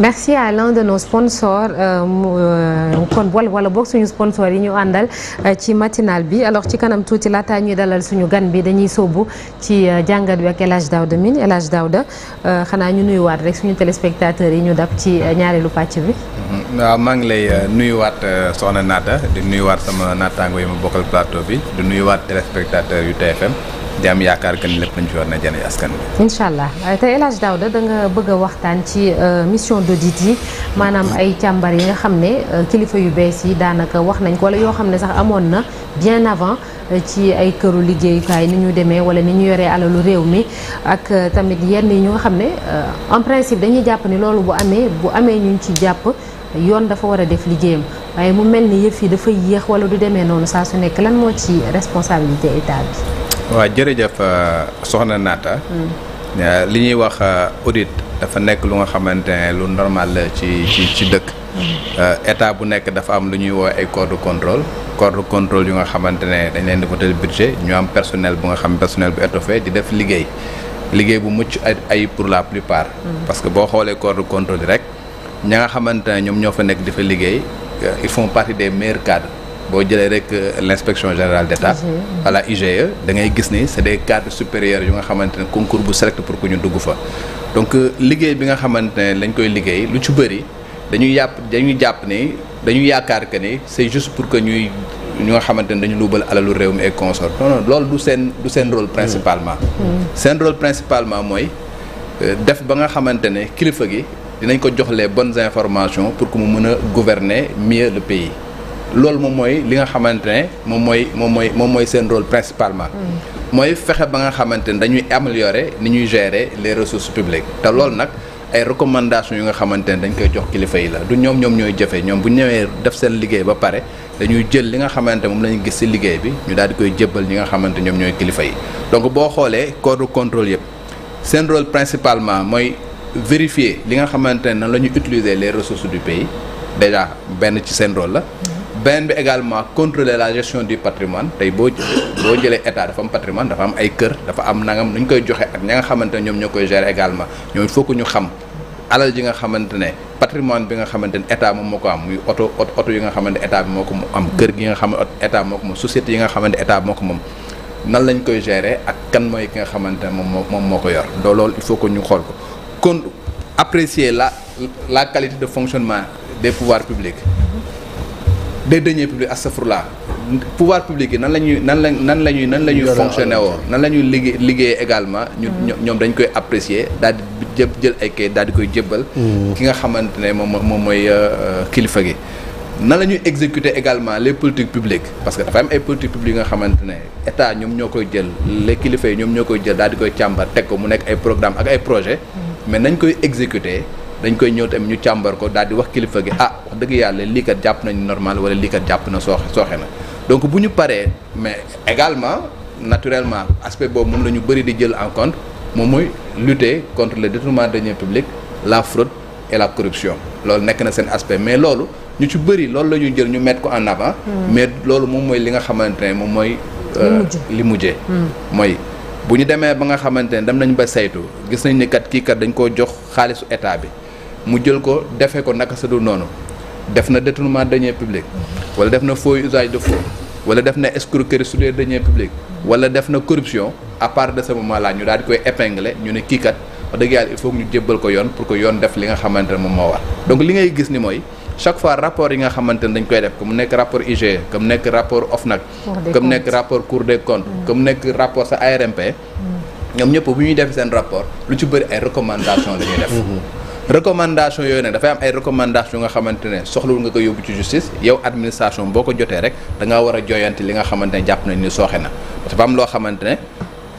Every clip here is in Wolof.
merci à l'un de nos sponsors euh, euh, kon wala wala boog suñu sponsor yi ñu àndal euh, ci matinal bi alors ci kanam tuuti laataa ñuy dalal suñu gan bi dañuy sóobu ci jàngat bi ak El Hadj Daouda Mine El Hadj xanaa ñu nuyuwaat rek suñu téléspectateurs yi ñu dab ci ñaareelu pàcc bi. Mm-hmm. waaw maa ngi lay nuyuwaat soxna Naata di nuyuwaat sama naataango yi ma bokkal plateau bi di nuyuwaat téléspectateurs yu TFM. di am yaakaar que ni lépp lañ fi war na jëriñ askan bi incha allah euh, te El Hadj Daouda da nga bëgg a waxtaan ci euh, mission d'audit yi maanaam ay càmbar yi nga xam ne euh, kilifa yu bees yi daanaka wax nañ ko wala yoo xam ne sax amoon na bien avant ci ay këru liggéeyukaay ni ñu demee wala ni ñu yoree alalu réew mi ak tamit yenn yi ñu nga xam ne en principe dañuy jàpp ni loolu bu amee bu amee ñu ci jàpp yoon dafa war a def liggéeyam waaye mu mel ni yëf yi dafa yéex wala du demee noonu saa su nekk lan moo ci responsabilité état waaw jërëjëf euh, soxna Naata. Hmm. Euh, li ñuy wax euh, audit dafa nekk lu nga xamante ne lu normal la ci ci ci dëkk. Hmm. état bu nekk dafa am lu ñuy woo ay corps de contrôle. corps de contrôle yu nga xamante ne dañ leen di voté budget ñu am personnel bu nga xam personnel bu étoffé di def liggéey liggéey bu mucc ay pour la plupart. Hmm. parce que boo xoolee corps de contrôle rek ña nga xamante ne ñoom ñoo fa nekk di fa liggéey il faut partie des meilleurs cadres. boo jëlee rek euh, l' inspection générale d' état mhm. à la IGE ngay gis ni c' est des cadres supérieurs yu nga xamante ne concours bu select pour ku ñu dugg fa donc euh, liggéey bi nga xamante ne lañ koy liggéey lu ci bëri dañuy yàpp dañuy jàpp ni dañu yaakaar que ni c' est juste pour que ñuy ñu nga xamante ne dañu luubal alalu réew mi et consort non non loolu du seen du principalement mhm. Mhm. seen rôle principalement mooy euh, def ba nga xamante ne kilifa gi dinañ ko jox les bonnes informations pour que mu mën a gouverner mieux le pays loolu moom mooy li nga xamante ne moom mooy moom mooy moom mooy seen rôle principalement. Mm. mooy fexe ba nga xamante ne dañuy améliorer ni ñuy gere les ressources publiques te loolu nag. ay recommandations yu nga xamante ne dañ koy jox kilifa yi la du ñoom ñoom ñooy jafe ñoom bu ñëwee def seen liggéey ba pare dañuy jël li nga xamante moom la ñu gis ci liggéey bi ñu daal di koy jébbal ñi nga xamante ñoom ñooy kilifa yi. donc boo xoolee corps de yëpp seen rôle principalement mooy vérifier li nga xamante ne nan la ñu utiliser les ressources du pays déjà benn ci seen rôle la. Mm. beneen bi également contrôler la gestion du patrimoine tey boo boo jëlee état dafa am patrimoine dafa am ay kër dafa am nangam nu ñu koy joxe ak ña nga xamante ne ñoom ñoo koy gérer également ñoom il faut que ñu xam alal ji nga xamante ne patrimoine bi nga xamante ne état moom moo ko am muy oto oto yi nga xamante état bi moo ko mu am kër gi nga xam ne état moo ko moom société yi nga xamante état moo ko moom nan lañ koy gérer ak kan mooy ki nga xamante ne moom moom moo ko yor doo loolu il faut que ñu xool ko kon apprécier la la qualité de fonctionnement des pouvoirs publics des deniers publics astafurlah pouvoir public yi nan la ñuy nan la nan la ñuy nan la ñuy fonctionner woo nan la ñuy liggéey liggéey également mm. ñu ñoom dañ koy apprécier daal di jë jël ay kayit daal di koy jébbal mm. ki nga xamante ne moom moom mooy euh, euh, kilifa gi nan la ñuy exécuter également les politiques publiques parce que dafa am ay politiques publiques yi nga xamante ne état ñoom ñoo koy jël les kilifa yi ñoom ñoo koy jël daal di koy càmbar teg ko mu nekk ay programme ak ay projet mm. mais nañ koy exécuter dañ koy ñëw tamit ñu càmbar ko daal di wax kilifa gi ah wax dëgg yàlla lii kat jàpp nañu normal wala lii kat jàpp na sooxe sooxe na donc bu ñu paree mais également naturellement aspect boobu moom la ñu di jël en compte moom mooy lutter contre le détournement de deniers publics la fraude et la corruption loolu nekk na seen aspect mais loolu ñu ci bëri loolu la ñuy jël ñu mettre ko en avant. Hmm. mais loolu moom mooy li nga xamante ne moom mooy. li euh, mujjee hmm. mooy bu ñu demee ba nga xamante ne dem nañ ba saytu gis nañ ni kat kii kat dañ koo jox xaalisu état bi. mu jël ko defee ko naka sa dul noonu def na détournement deniers publics wala def na faux usage de faux wala def na escroquerie sur les deniers publics wala def na corruption à part de ce moment là ñu daal di koy épingler ñu ne kii kat wax dëgg yàlla il faut que ñu jébbal ko yoon pour que yoon def li nga xamante ne moom moo war donc li ngay gis ni mooy chaque fois rapport yi nga xamante dañ koy def comme mu rapport IGE comme nekk rapport OFNAC comme nekk rapport Cour des comptes mm. comme nekk rapport sa ARMP mm. ñoom ñëpp bu ñuy def seen recommandation yooyu nag dafay am ay recommandation nga xamante ne soxlawul nga ko yóbbu ci justice yow administration boo ko jotee rek da war a joyanti li nga xamante ne jàpp nañ ni sooxe na dafa am loo xamante ne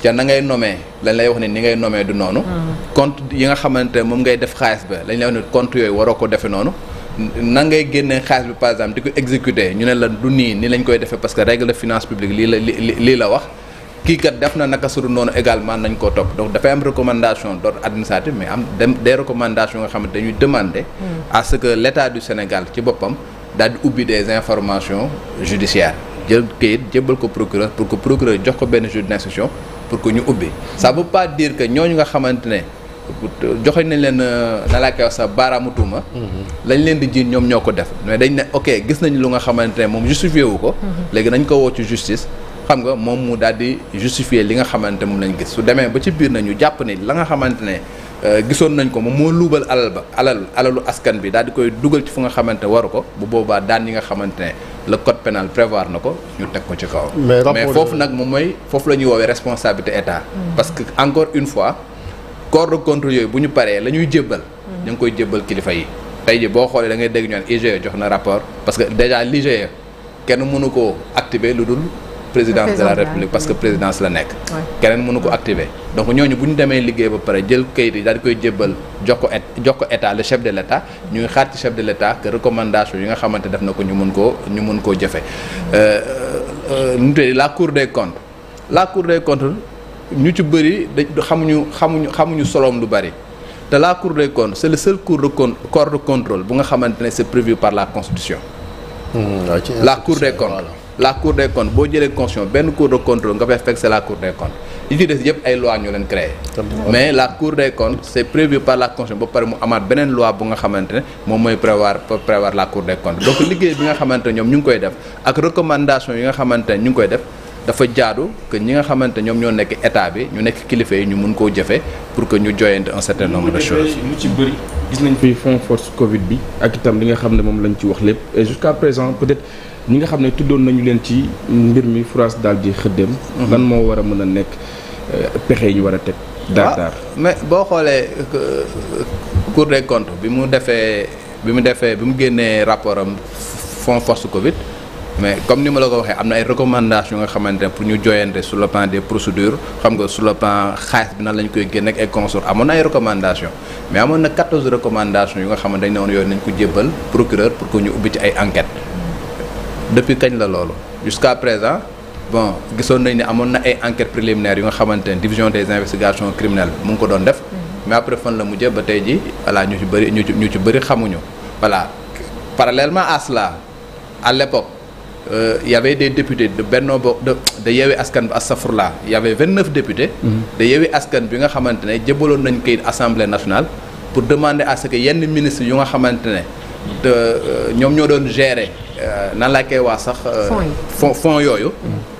ca na ngay nomee lañ lay wax ne ni ngay nomee du noonu hmm. compte yi nga xamante ne moom ngay def xaalis ba lañ lay wax ne compte yooyu waroo ko defe noonu na ngay génnee xaalis bi par exemple di ko exécuter ñu ne la du nii ni lañ koy defee parce que règle de finance publique lii la lii la wax kii kat def na naka suru noonu également nañ koo topp donc dafay am recommandation d'ordre administratif mais am des recommandations nga xamante dañuy demander hmm. à que l'État du Sénégal ci boppam daal di ubbi des informations judiciaires jël kayit jébbal ko procureur pour que procureur jox ko benn juge pour que ñu ubbi ça veut pas dire que ñooñu nga xamante ne joxe nañ leen euh, na laa koy wax sa baaraamu tuuma. Hmm. lañ leen di jiin ñoom ñoo ko def mais dañ ne ok gis nañ lu nga xamante ne moom justifié wu ko. Hmm. léegi xam nga moom mu daal di justifier li nga xamante moom lañ gis su demee ba ci biir nañu jàpp ne la nga xamante ne euh, gisoon nañ ko moom moo luubal alal ba alal alalu askan bi daal di koy dugal ci fu nga xamante waru ko bu boobaa daan yi nga xamante ne le code pénal prévoir na ko ñu teg ko ci kaw mais foofu nag moom mooy foofu la ñuy woowee responsabilité état mm. parce que encore une fois corps de contrôle yooyu bu ñu paree la ñuy jébbal mm. ñu ngi koy jébbal kilifa yi tey ji boo xoolee da ngay dégg ñoon jox na rapport parce que déjà l'IGE kenn mënu koo activer lu dul président de la république parce que présidence la nekk keneen mënu ko activer donc ñooñu bu ñu demee liggéey ba pare jël kayit yi daal koy jébbal jox ko jox ko état le chef de l' état ñu ngi xaar ci chef de l' état que recommandation nga xamante def na ko ñu mun koo ñu mun koo jëfe euh, euh, euh, nu tey la cour des comptes la cour des comptes ñu ci bëri da xamuñu xamuñu xamuñu soloom lu bëri te la cour des comptes c' est le seul cour de con bu nga xamante ne c' est prévu par la constitution. Hmm, la cour des comptes. la cour des comptes boo jëlee constitution benn cour de contrôle nga fay fekk c'est la cour des comptes li ci des yëpp ay loi ñoo leen créé mais la cour des comptes c'est prévu par la constitution ba pare mu amaat beneen loi bu nga xamante ne moom mooy prévoir prévoir la cour des comptes donc liggéey bi nga xamante ne ñoom ñu ngi koy def ak recommandation yi nga xamante ne ñu ngi koy def dafa jaadu que ñi nga xamante ñoom ñoo nekk état bi ñu nekk kilifa yi ñu mun koo jëfe pour que ñu joyante un certain nombre de choses. lu ci bëri gis nañ fi fond force Covid bi ak itam li nga xam ne moom lañ ci wax lépp et jusqu'à présent peut-être ñi nga xam ne tuddoon nañu leen ci mbir mi France daal di xëddeem. Mhm. lan moo war a mën a nekk euh, pexe yi ñu war a teg. daar ah, mais boo xoolee euh, Cour des comptes bi mu defee bi mu defee bi mu génnee rapport am fond force Covid. mais comme ni ma la ko waxee am na ay recommandations nga xamante ne pour ñu joyante sur le plan des procédures xam nga sur le plan xaalis bi nan la ñu koy génne ak ay consort amoon na ay recommandation mais amoon na 14 recommandations yu nga xamante dañ ne woon yooyu nañ ko jébbal procureur pour que ñu ubbi depuis kañ la loolu jusqu'à présent bon gisoon nañ ni amoon na ay enquêtes préliminaires yu nga xamante ne division des investigations criminelles mu ngi ko doon def mhm. mais après fan la mujjee ba tey ji voilà ñu ci bëri ñu ñu ci bëri xamuñu voilà parallèlement à cela à il euh, y avait des députés de Benno Bokk de de Yewwi Askan bi astafurlaa y avait vingt neuf députés. Mhm. de Yewwi Askan bi nga xamante ne jëbaloon nañ kayit assemblée nationale pour demander à que yenn ministre yu nga xamante ne. te euh, ñoom ñoo doon gérer euh, nan laa koy wax sax. fonds fonds yooyu.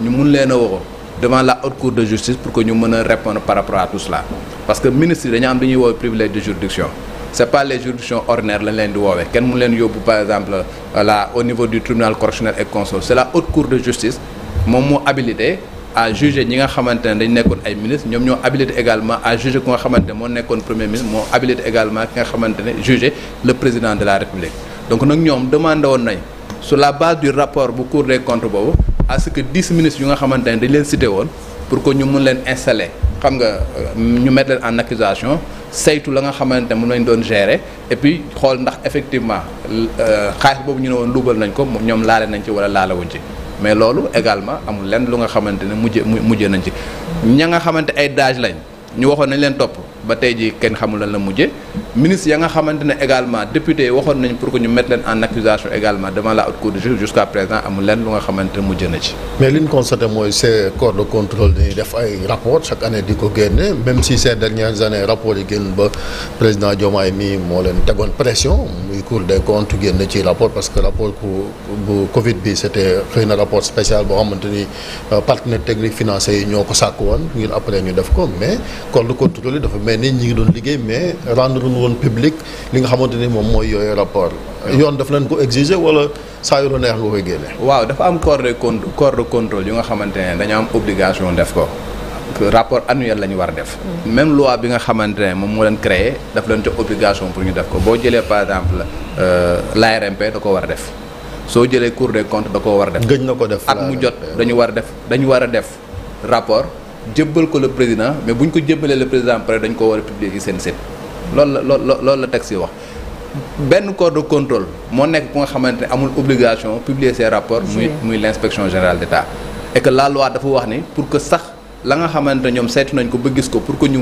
Mhm. ñu mun leen a waxoo devant la haute cour de justice pour que ñu mën a répondre par rapport à tout cela parce que ministre yi dañu am lu ñuy woowee privilège de juridiction. c'est pas les juridictions ordinaires lañ leen di woowee kenn mu leen yóbbu par exemple là au niveau du tribunal correctionnel et console c'est la haute cour de justice moom moo habilité à juger ñi nga xamante ne dañ nekkoon ay ministres ñoom ñoo habilité également à juger ku nga xamante moo nekkoon premier ministre moo habilité également ki nga xamante ne juger le président de la république donc nag ñoom demandé woon nañ sur la base du rapport bu cour des nga xamante ne dañ leen cité pour que ñu leen installer xam nga euh, ñu mettre leen en accusation saytu la nga xamante ne moom lañ doon gérer et puis xool ndax effectivement euh, xaalis boobu ñu ne woon luubal nañ ko ñoom laale nañ ci wala wuñ ci mais loolu également amul lenn lu nga xamante ne mujj mujje nañ ci ña nga xamante ay daaj lañ ñu waxoon nañ leen topp ba tey ji kenn xamul lan la mujje ministre ya nga xamante également député waxoon nañ pour que ñu mettre leen en accusation également devant la haute cour de présent amul lenn lu nga xamante ne na ci. mais li ñu constaté mooy ces corps de contrôle dañuy def ay rapport chaque année di ko génne même si ces dernières années rapport yi génn ba président Diomaye mii moo leen tegoon pression muy cour des comptes génn ci rapport parce que rapport bu Covid na rapport spécial boo xamante ni euh, partenaires techniques financiers ñoo ko sàkk woon ngir après ñu def wane ñi ngi doon liggéey mais rendre woon public li nga xamante ni moom mooy yooyu rapport yoon daf leen ko exiger wala saa yu la neex nga koy génne. waaw dafa am corps de con corps de contrôle yu nga xamante ne dañoo am obligation def ko. rapport annuel la ñu war a def. Mm. même loi bi nga xamante ne moom moo leen créé daf leen jox obligation pour ñu def ko boo jëlee par exemple euh, l'ARMP da ko war a def soo jëlee Cour des comptes da ko war a def. gëj na ko def at mu jot dañu war a def dañu war a def rapport. jébbal ko le président mais bu ñu ko jébbalee le président pare dañ ko war a publier ci seen site loolu la lool loolu la texte si wax benn corps de contrôle moo nekk bu nga xamante ne amul obligation publier ses rapports muy muy l' inspection générale d' état et que la loi dafa wax ni pour que sax la nga xamante ñoom saytu nañ ko ba gis ko pour que ñu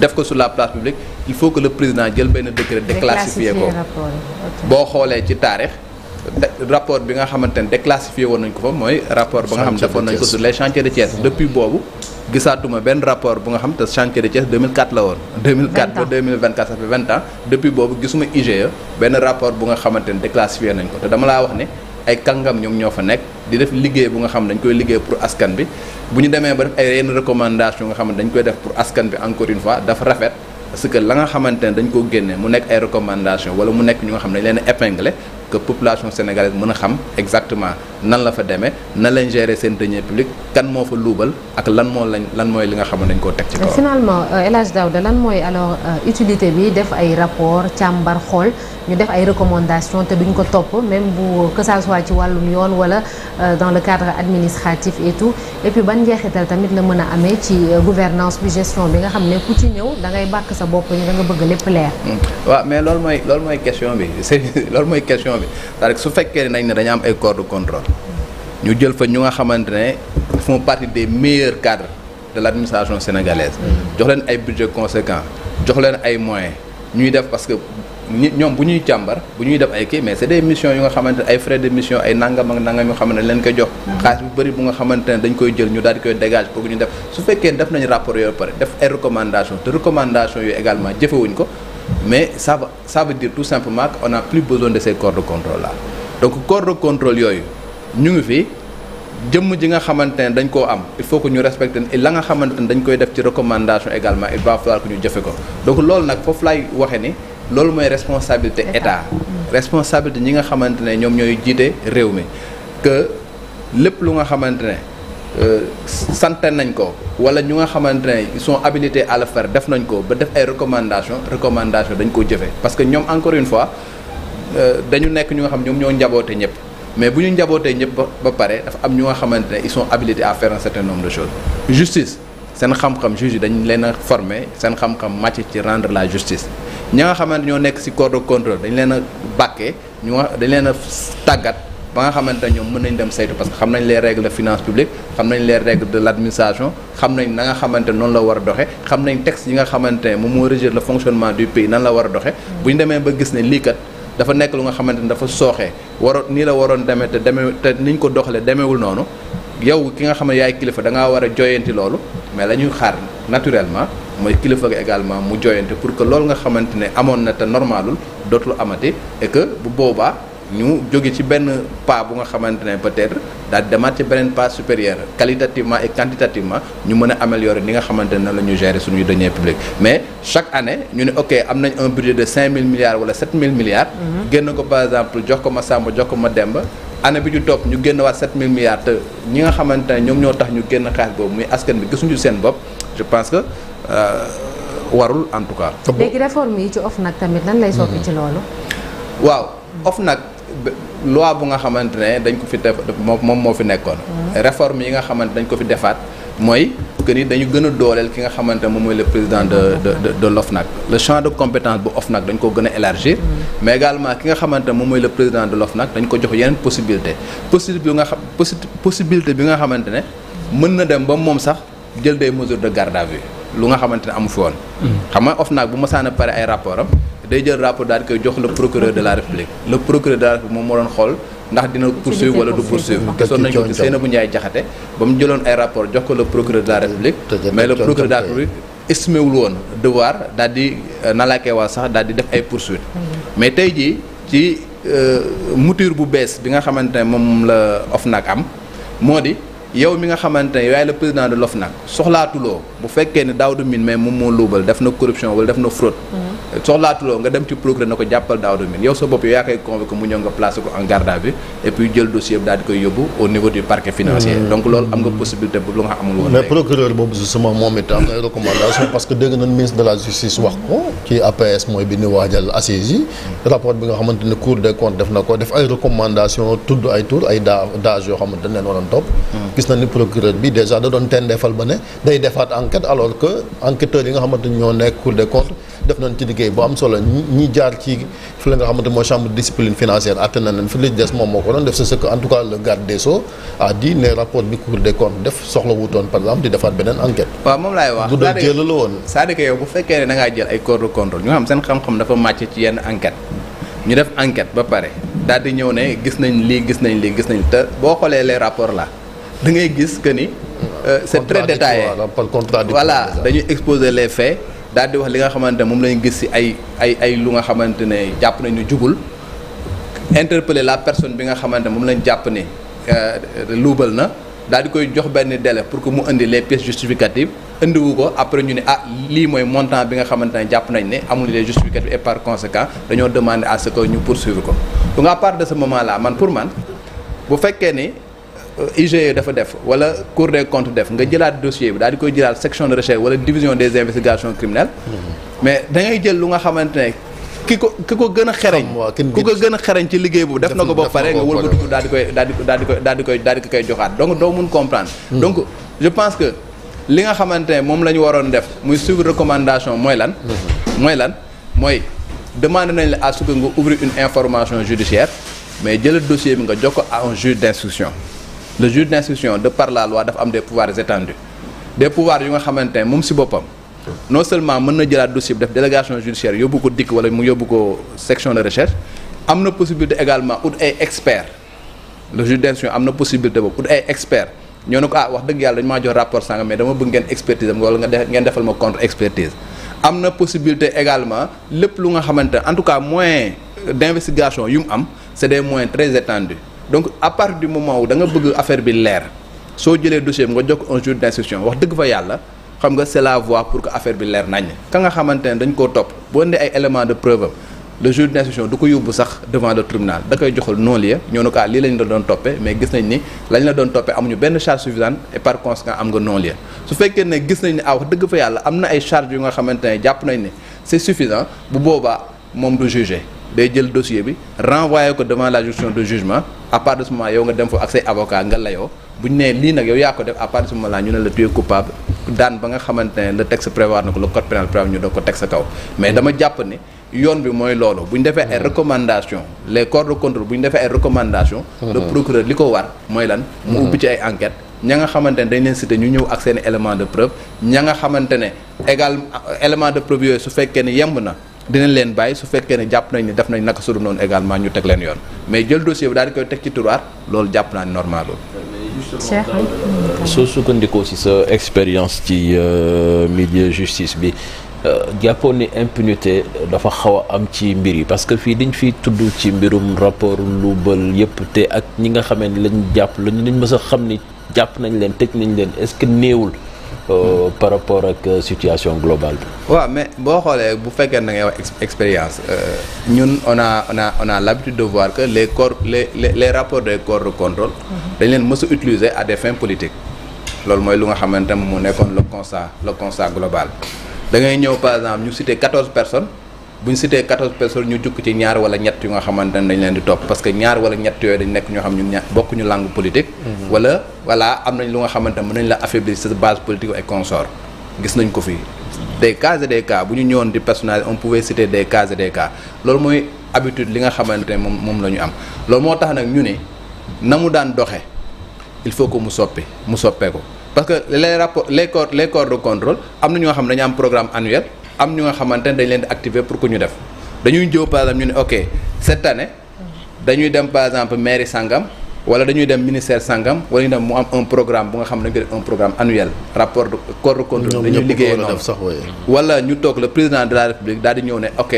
def ko sur la place publique il faut que le président jël benn décret déclassifier ko boo xoolee ci taarix rapport bi nga xamante ne déclassifié woon nañ ko fa mooy rapport ba nga xam ne defoon nañ ko sur les chantiers de Thiès depuis xam te chantier de Thiès 2004 woon 2004 ba 2024 ça fait 20 ans depuis boobu gisuma IGE benn rapport bu nga nañ ko te dama laa wax ne ay kàngam ñoom ñoo fa nekk di def liggéey bu nga xam dañ koy liggéey pour askan bi bu ñu demee ba def ay nga xam ne dañ koy def pour askan bi encore une fois dafa rafet parce la nga xamante ne dañ ko génne mu nekk ay recommandation wala mu nekk ñu nga xam ne dañ leen épinglé que population sénégalaise mën a xam exactement nan la fa demee nan lañ gérer seen denier public kan moo fa luubal ak lan moo lañ lan mooy li nga xam ne dañ koo teg ci kaw. finalement euh, El Hadj Daouda lan mooy alors euh, utilité bi def ay rapport càmbar xool ñu def ay recommandations te duñ ko topp même bu que ça soit ci wàllum yoon wala euh, dans le cadre administratif et tout et puis ban njeexital tamit la mën a amee ci gouvernance bi gestion bi nga xam ne ku ci ñëw da ngay bàkk sa bopp ñu da nga gestion bi su fekkee nañ ne dañu am ay corps de ñu jël fa ñu nga xamante ne font partie des meilleurs cadres de l' administration sénégalaise jox leen ay budget conséquent jox leen ay moyens ñuy def parce que ñi ñoom bu ñuy càmbar bu ñuy def ay kii mais c' est des missions yu nga xamante ne ay frais de mission ay nangam ak nangam yoo xamante ne leen ko jox xaalis bu bëri bu nga xamante ne dañ koy jël ñu daal di koy dégage pour ñu def su fekkee def nañu rapport yooyu pare def ay recommandation te recommandation yooyu ko mais ça va ça tout simplement qu'on n'a plus besoin de ces corps de contrôle là donc corps de yooyu ñu ngi fi jëmm ji nga xamante ne dañ koo am il faut que ñu respecté et la nga xamante ne dañ koy def ci recommandation également il va falloir que ñu jëfe ko donc loolu nag foofu laay waxee ni loolu mooy responsabilité état responsabilité ñi nga xamante ne ñoom ñooy jiite réew mi que lépp lu nga xamante ne Euh, santé nañ ko wala ñu nga xamante ne ils sont habilités à le faire def nañ ko ba def ay recommandations recommandation dañ ko jëfee parce que ñoom encore une fois euh, dañu nekk ñu nga xam ñoom ñoo njaboote ñëpp mais bu ñu njabootee ñëpp ba pare dafa am ñu nga xamante ne ils sont habilités à faire un certain nombre de choses justice seen xam-xam juge yi dañ leen a formé seen xam-xam màcc ci rendre la justice ñi nga xamante ñoo nekk ci corps de contrôle dañ leen a bàkkee ñu leen a tàggat ba nga xamante ñoom mën nañ dem saytu parce que xam nañ les règles finance publique xam nañ les règles de l' administration xam nañ na nga xamante noonu la war a doxe xam nañ texte yi nga xamante ne moom moo régir le fonctionnement du pays nan la war a doxe bu ñu demee ba gis ne lii kat dafa nekk lu nga xamante ne dafa sooxee waroon nii la waroon demee te demee te niñ ko doxalee demeewul noonu yow ki nga xam ne yaay kilifa da ngaa war a joyanti loolu mais la ñuy xaar naturellement mooy kilifa ga également mu joyante pour que loolu nga xamante ne amoon na te normalul dootul amati et que bu boobaa ñu jóge ci benn pas bu nga xamante ne peut-être daal demaat ci beneen pas supérieur qualitativement et quantitativement ñu mën a ni nga xamante ne la ñu gérer suñuy deniers publics mais chaque année ñu ne ok am nañ un budget de milliards wala milliards. Mhm. génn ko par exemple jox ko ma Samba jox ko ma Demba. année bi ñu topp ñu génn waat 7000 milliards te ñi nga xamante ñoom ñoo tax ñu génn xaalis boobu muy askan bi gisuñu seen bopp je pense que euh, warul e tout cas. léegi réforme yi ci loi bu nga xamante ne dañ ko fi def moom moo fi nekkoon. réforme yi nga xamante dañ ko fi defaat mooy que ni dañu gën a dooleel ki nga xamante moom mooy le président de de de de l'OFNAC le champ de compétence bu dañ ko gën a élargir. Mm. mais ki nga xamante moom mooy le président de l'OFNAC dañ ko jox yeneen possibilité possibilité bi nga xam possibilité bi nga xamante ne mën na dem ba moom sax jël des mesures de garde à lu nga xamante ne amu fi woon. Mm. xam nga OFNAC bu ma a pare ay rapport am. day jël rapport daal di koy jox le procureur de la république le procureur de la république moom moo doon xool ndax dina poursuivre wala du poursuivre gisoon nañu ko Seynabou Ndiaye Diakhaté ba mu jëloon ay rapport la procureur de la république estimé wul woon devoir daal di euh, nalaakee waa sax daal di def ay poursuite mais tey jii ci euh, mouture bu bees bi nga xamante moom la OFNAC am moo di yow mi nga xamante yaay la président de l'OFNAC soxlaatuloo bu fekkee ne Daouda Mine mais moom moo luubal def na corruption wala soxlaatuloo nga dem ci procureur na ko jàppal daaw domaine yow sa bopp yow yaa koy convoqué mu ñëw nga placé ko en garde à vue jël dossier bi daal di koy yóbbu au niveau parquet financier hmm. donc loolu am nga possibilité boobu la nga moom it am na recommandation parce que dégg nañ ministre de la justice wax ko ci APS mooy bi ñu waajal assises yi rapport bi nga xamante ne cour des def na ko def ay recommandation tudd ay tour ay da dage liggéey bu am solo ñi jaar ci fi la nga xamante mooy chambre discipline financière atte na leen fi la des moom moo ko doon def sa sëkk en tout cas le garde des Sceaux a ne rapport bi cour des comptes def soxla wutoon par exemple di defaat beneen enquête. waaw moom laay wax bu doon jël la woon. cest à yow bu fekkee ne da jël ay corps de ñu xam seen xam-xam dafa màcc ci yenn enquête ñu def enquête ba pare daal di ñëw ne gis nañ lii gis nañ lii gis nañ te daal di wax li nga xamante moom lañu gis ci ay ay ay lu nga xamante ne jàpp nañ ne jubul interpeller la personne bi nga xamante ne moom lañ jàpp ne euh, luubal na daal di koy jox benn délai pour que mu indi les pièces justificatives indiwu ko après ñu ne ah lii mooy montant bi nga xamante ne jàpp nañ ne amul les justificatifs et par conséquent dañoo demande à ce que ñu poursuivre ko donc à part de ce moment là man pour man bu fekkee ni Euh, IGE dafa def wala Cour de comptes def nga jëlaat dossier bi daal di koy jëlaat section de recherche wala division des investigations criminelles mais da ngay jël lu nga xamante ne ki ko ki ko gën a xereñ ku ko gën a xereñ ci liggéey boobu def na ko boo pare nga wëlbatiku daal di koy daal di daal di koy daal di koy daal di koy joxaat donc doo mun comprendre hmm. donc je pense que li nga xamante ne moom la ñu waroon def muy suivre recommandation mooy lan hmm. mooy lan mooy demandé nañ la à ce que nga une information judiciaire mais jëlal dossier bi nga jox ko à un juge d'instruction le juge d'instruction de par la loi dafa am des pouvoirs étendus des pouvoirs yu nga xamante ne moom si boppam non seulement mën na jëlaat dossier bi def délégation judiciaire yóbbu ko dikk wala mu yóbbu ko section de recherche am na possibilité également ut ay experts le juge d'instruction am na possibilité boobu ut ñoo ne ko ah wax dëgg yàlla dañu maa jox rapport sànga mais dama bëgg ngeen expertise am wala ngeen defal ma contre expertise am na possibilité également lépp lu nga xamante en tout cas moyen d'investigation yu mu am c'est des moyens très étendus donc à partir du moment où da nga bëgg affaire bi leer soo jëlee dossier bi nga jokk un juge d'instruction wax dëgg fa yàlla xam nga c'est la voie pour que affaire bi leer nañ ka nga xamante dañ koo topp boo indee ay éléments de preuve am le juge d'instruction du ko yóbbu sax devant le tribunal da koy joxal non-lieu ñoo ne ko ah lii lañ la doon toppee mais gis nañ ni lañ la doon toppee amuñu benn charge suffisante et par conséquent am nga non-lieu su fekkee ne gis nañ ne ah dëgg fa yàlla am na ay charges yu nga xamante ne jàpp nañ ne c'est suffisant bu boobaa moom du juger day jël dossier bi renvoyé ko devant la juridiction de jugement à de ce moment yow nga dem fa ak say avocat nga layoo bu ñu nee lii nag yaa ko def à partir de ñu ne la tu es coupable daan ba nga xamante ne le texte prévoir na ko le code pénal prévoir ñu doog ko teg sa kaw mais dama jàpp ne yoon bi mooy loolu bu ñu defee ay recommandations les corps de contrôle bu ñu defee ay recommandation mmh. le procureur li ko war mooy lan mu mmh. ubbi ci ay enquêtes ña nga xamante ne dañ leen ñu ñëw ak seen élément de preuve nga xamante ne égal élément de preuve yooyu ne yemb na dinañ leen bàyyi su fekkee ne jàpp nañ ne def nañ naka su dul noonu également ñu teg leen yoon mais jël dossier bi daal di koy teg ci tiroir loolu jàpp naa ne normal loolu soo sukkandikoo si sa expérience ci euh, milieu justice bi euh, jàppoon ni impunité dafa xaw am ci mbir yi parce que fii dañ fiy tudd ci mbirum rapport lu bël yëpp te ak ñi nga xamee ne lañ jàpp lañ lañ mës xam ni jàpp nañ leen tëj nañ leen est-ce que néewul Euh, par rapport ak euh, situation globale bi. waaw mais boo xoolee bu fekkee da ngay wax expérience euh, ñun on a on a on a l'habitude de voir que les corps les les, les rapports des corps de contrôle. Mhm. dañ leen mës a utiliser à des fins politiques. loolu mooy lu nga xamante mu nekkoon le constat le constat global da ngay ñëw par exemple ñu citer quatorze personnes. bu ñu cité quatorze personnes ñu jukk ci ñaar wala ñett yu nga xamante ne dañ leen di topp parce que ñaar wala ñett yooyu dañ nekk ñoo xam ñun ña bokkuñu langue politique. Mhm. wala voilà am nañ lu nga xamante mën nañ la affaiblir sa base politique ay consort gis nañ ko fii des cas des cas bu ñu ñëwoon di personnage on pouvait citer des cas et des cas loolu mooy habitude li nga xamante ne moom moom la ñu am loolu moo tax nag ñu ni na mu daan doxee il faut que mu soppi mu soppee ko parce que les rapports les corps les corps de contrôle am na ñoo xam ne dañu am programme annuel. am ñu nga xamante ne dañ leen di activer pour que ñu def dañuy jëw par exemple ñu ne ok cette dañuy dem par exemple mairie sangam wala dañuy dem ministère sangam wala ñu dem mu am un programme bu nga xam ne dañu ko un programme annuel rapport de corps de contrôle dañuy liggéeyee noonu wala ñu toog le président de la république daal di ñëw ne ok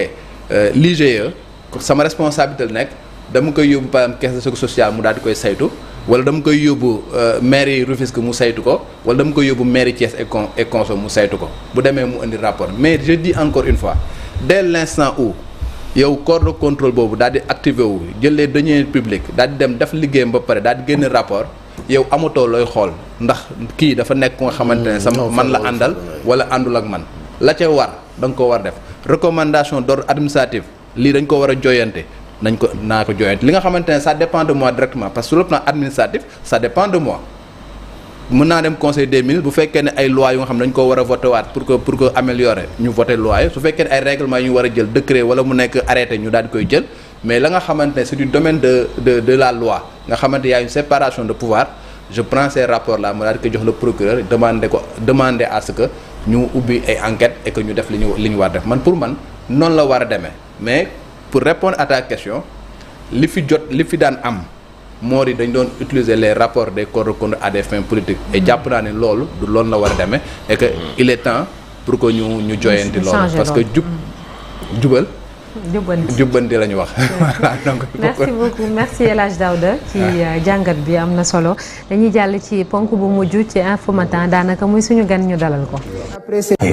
euh, l'IGE sama responsabilité la nekk dama koy yóbbu par exemple caisse de sécurité sociale mu daal di koy saytu wala dama koy yóbbu euh, mairie Rufisque mu saytu ko wala dama koy yóbbu mairie Thiès et con et mu saytu ko bu demee mu indi rapport mais je dis encore une fois dès l'instant où yow corps de contrôle boobu daal di activer wu jëlee deniers publique daal di dem def liggéeyam ba pare daal di génne rapport yow amatoo looy xool ndax kii dafa nekk ku nga xamante ne sama hmm, man la àndal wala àndul ak man la ca war da nga ko war def recommandation d'ordre administratif lii dañ ko war a joyante nañ ko naa ko joxe li nga xamante ne ça dépend de moi directement parce que sur le plan administratif ça de moi mën naa dem conseil des mille bu fekkee ne ay loi yu nga xam ne dañ ko war a voté waat pour que pour que améliorer ñu voté loi yi su fekkee ne ay règlement yu ñu war a jël décret wala mu nekk arrêté ñu daal koy jël mais la nga xamante ne c'est du domaine de de de la loi nga xamante y a une séparation de pouvoir je prends ces rapports là ma daal le procureur demander ko demander à que ñu ubbi ay enquête et ñu def li ñu li ñu war def man pour man noonu la war a demee mais pour répondre à question li fi jot li fi daan am moo di dañ doon utiliser les rapport des corps de contrôle à des fins politiques et jàpp naa ne loolu du loolu la war a demee et que mm. il est temps pour que ñu ñu joyanti loolu parce que jub jubal jubbanti jubbanti la ñu wax. voilà donc merci beaucoup merci El Hadj Daouda ci euh, jàngat bi am na solo dañuy jàll ci ponk bu mujj ci info matin daanaka muy suñu gan ñu dalal ko.